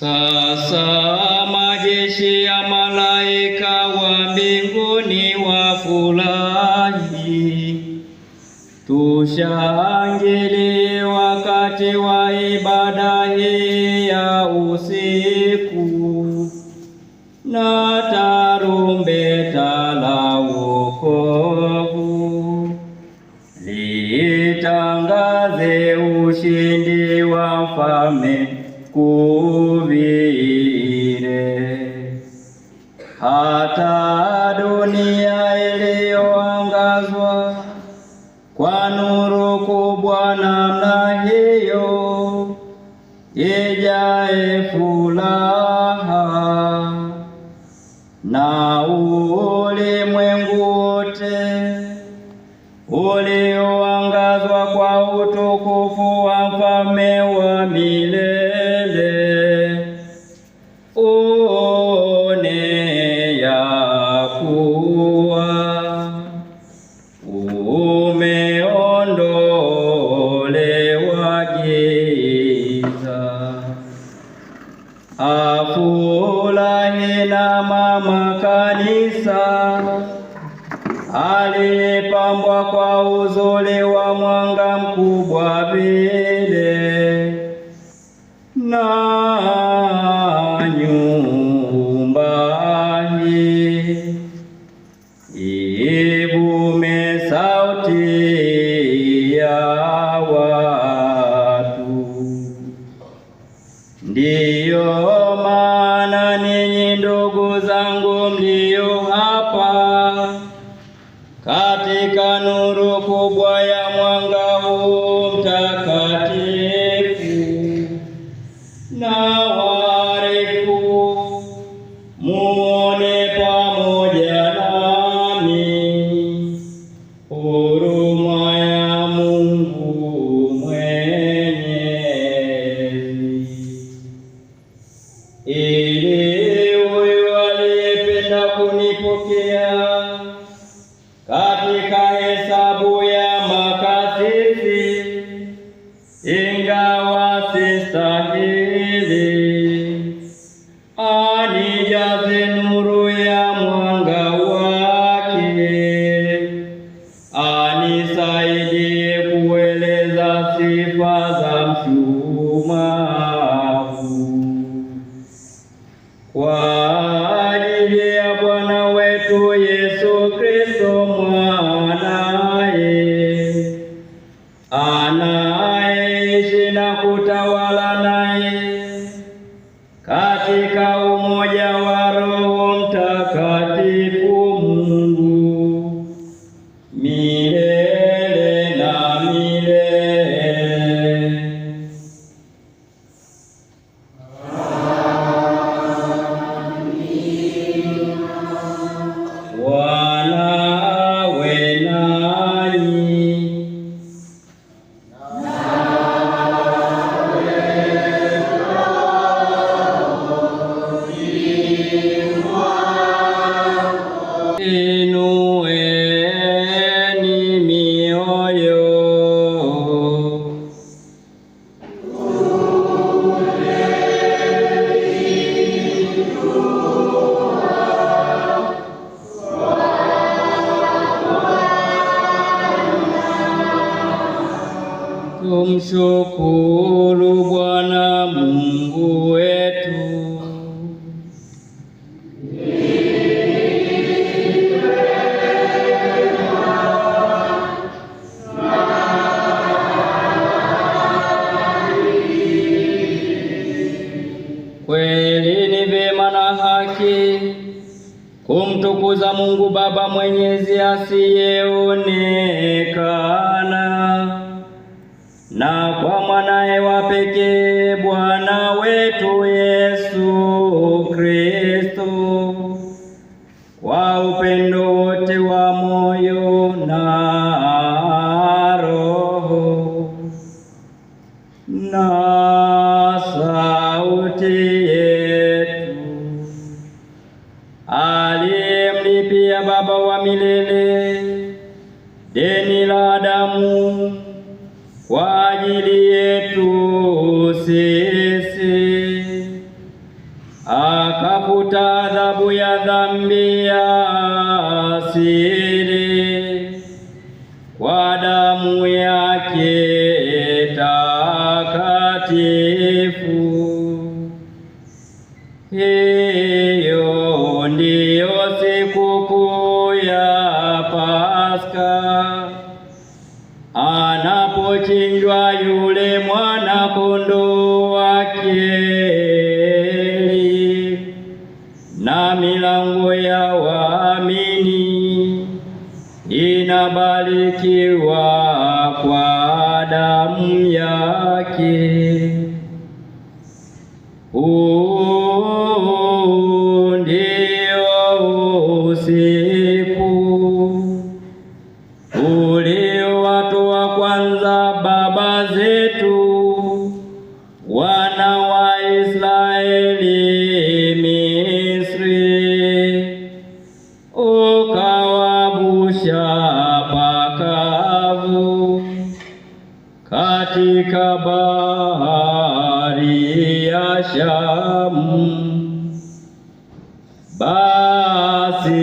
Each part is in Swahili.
Sasa majeshi ya malaika wa mbinguni wafurahi, tushangilie wakati wa ibada hii ya usiku na tarumbeta la wokovu litangaze ushindi wa mfalme কবিরে হাতা দুনিয়া Wow. Tumshukuru Bwana Mungu wetu. Kweli ni vema na haki kumtukuza Mungu Baba mwenyezi asiyeoneka na kwa mwanaye wa pekee Bwana কাছে na damu yake. বাসি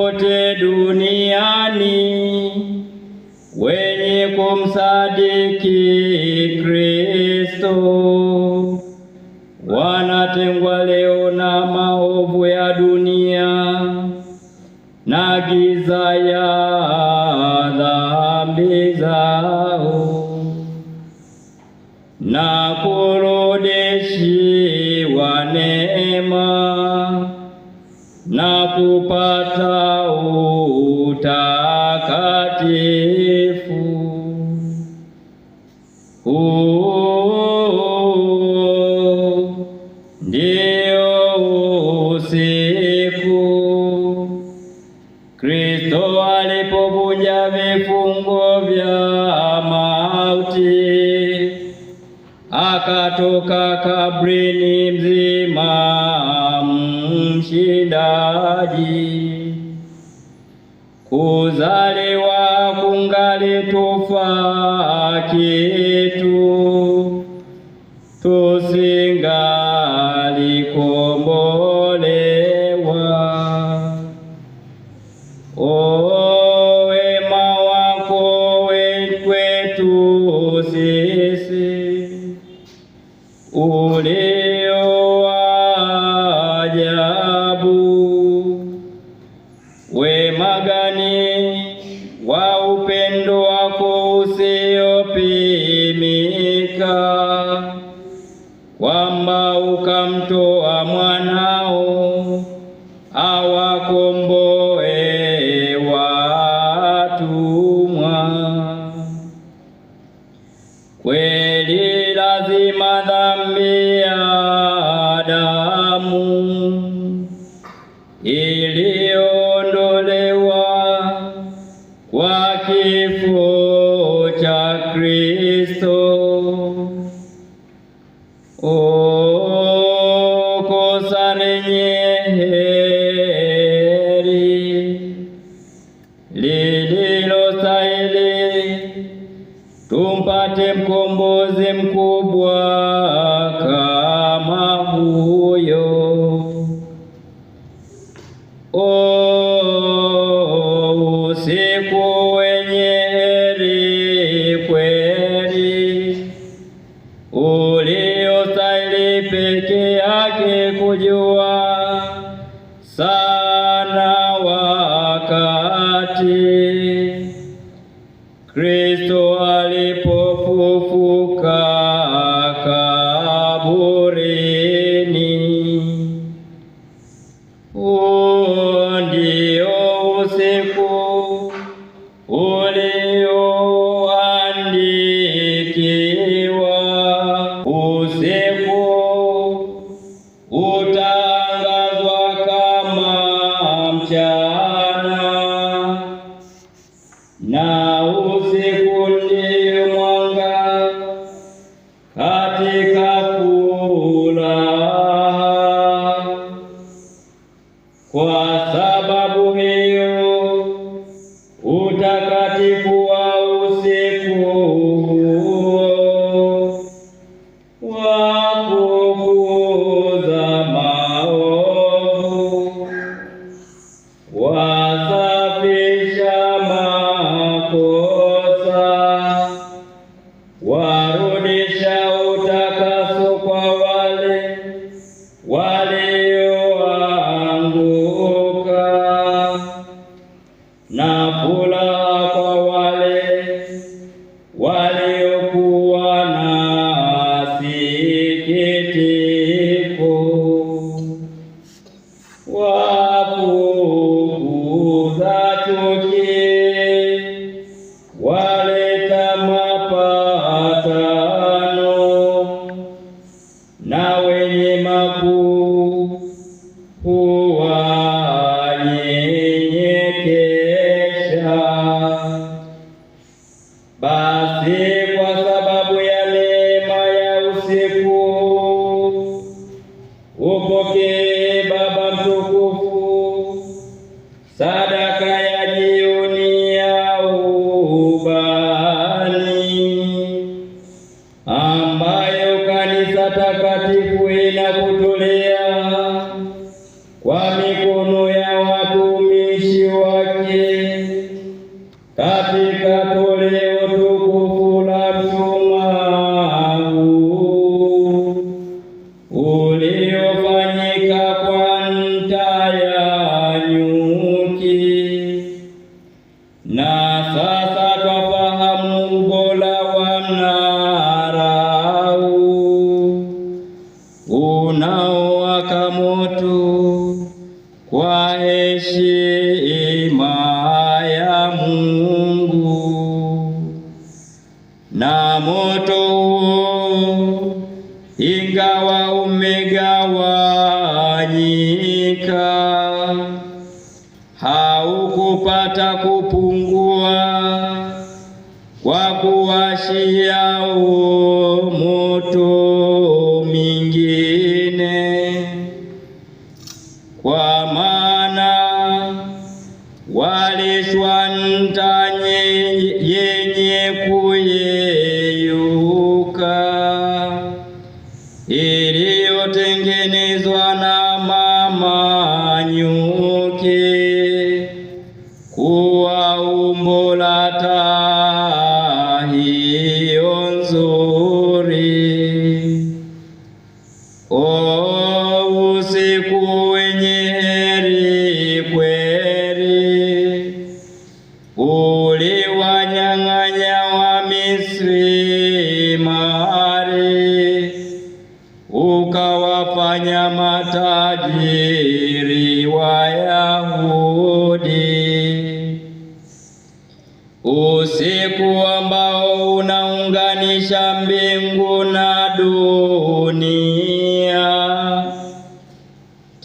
kote duniani wenye kumsadiki O Bombo. tumpate mkombozi mkubwa Bwana. wa sababuhi fazer hatakupungua kwa kuwashia করে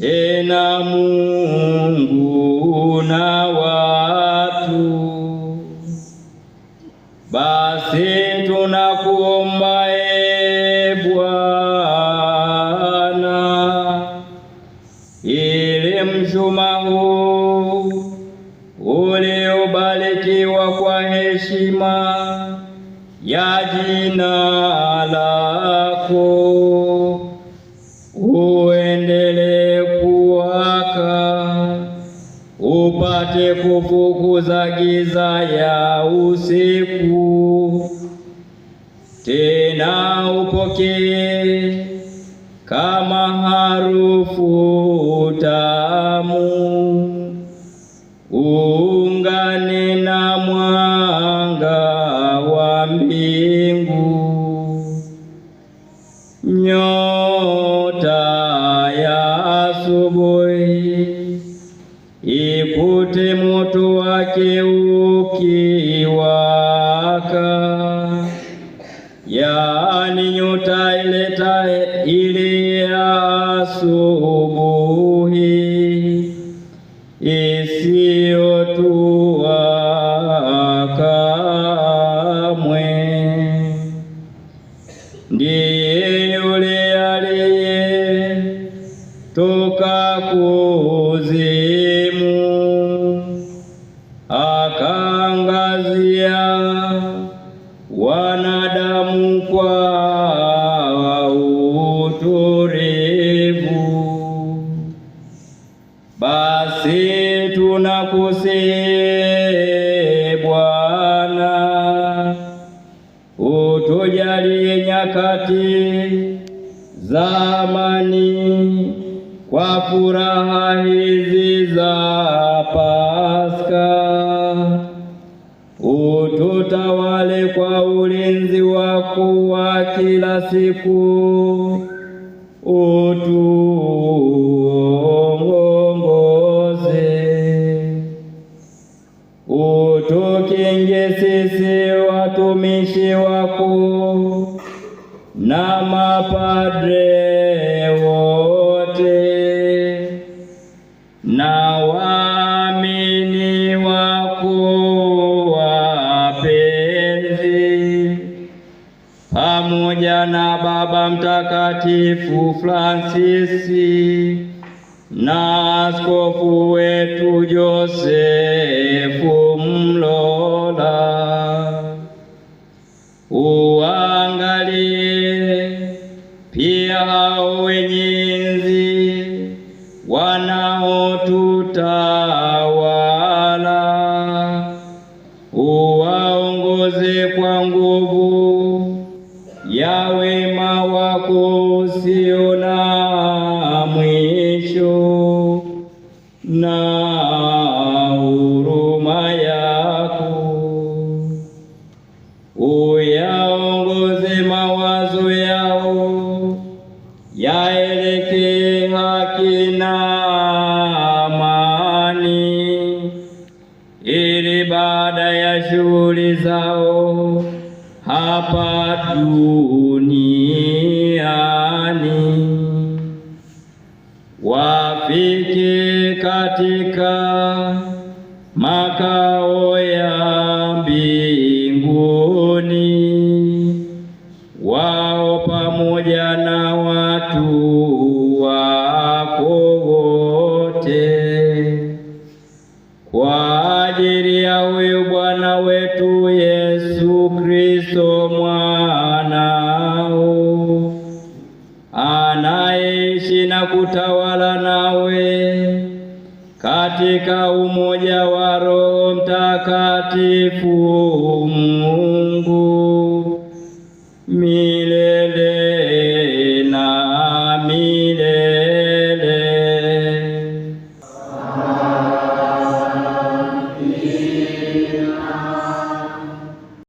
tena Mungu na upate kufukuza giza ya usiku. Tena upokee kama harufu tamu, uungane na mwa moto wake ukiwaka, yaani nyota ileta ile asubuhi Basi tunakusihi Bwana, utujalie nyakati za amani kwa furaha hizi za paska ututawale kwa ulinzi wako wa kila siku tukinge sisi watumishi wakuu na mapadre wote na waamini wakuu wapenzi, pamoja na Baba Mtakatifu Fransisi na askofu wetu Josefu Mlola uangalie miliki hakina amani, ili baada ya shughuli zao hapa duniani wafiki katika kwa ajili ya huyu Bwana wetu Yesu Kristo mwanao anaishi na kutawala nawe katika umo